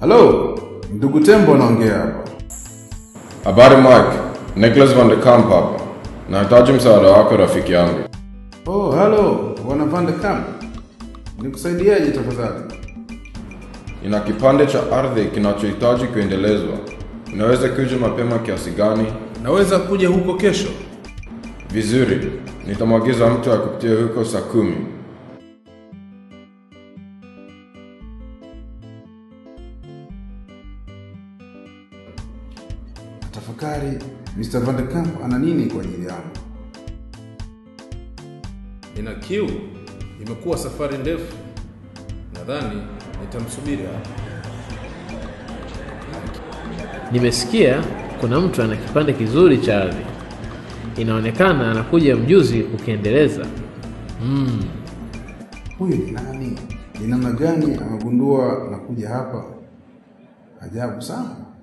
Hello, ndugu Tembo anaongea hapa. Habari Mike, Nicholas Van der Kamp hapa. Nahitaji msaada wako rafiki yangu. Oh, hello, bwana Van der Kamp. Nikusaidiaje tafadhali? ina kipande cha ardhi kinachohitaji kuendelezwa. Unaweza kuja mapema kiasi gani? Naweza kuja huko kesho. Vizuri, nitamwagiza mtu akupitie huko saa kumi. tafakari Mr. Van de Kamp ana nini kwa ajili yangu. Nina kiu, imekuwa safari ndefu, nadhani nitamsubiri hapa. Nimesikia kuna mtu ana kipande kizuri cha ardhi, inaonekana anakuja mjuzi ukiendeleza. Mm, huyu ni nani? Ni namna gani amegundua na kuja hapa? Ajabu sana.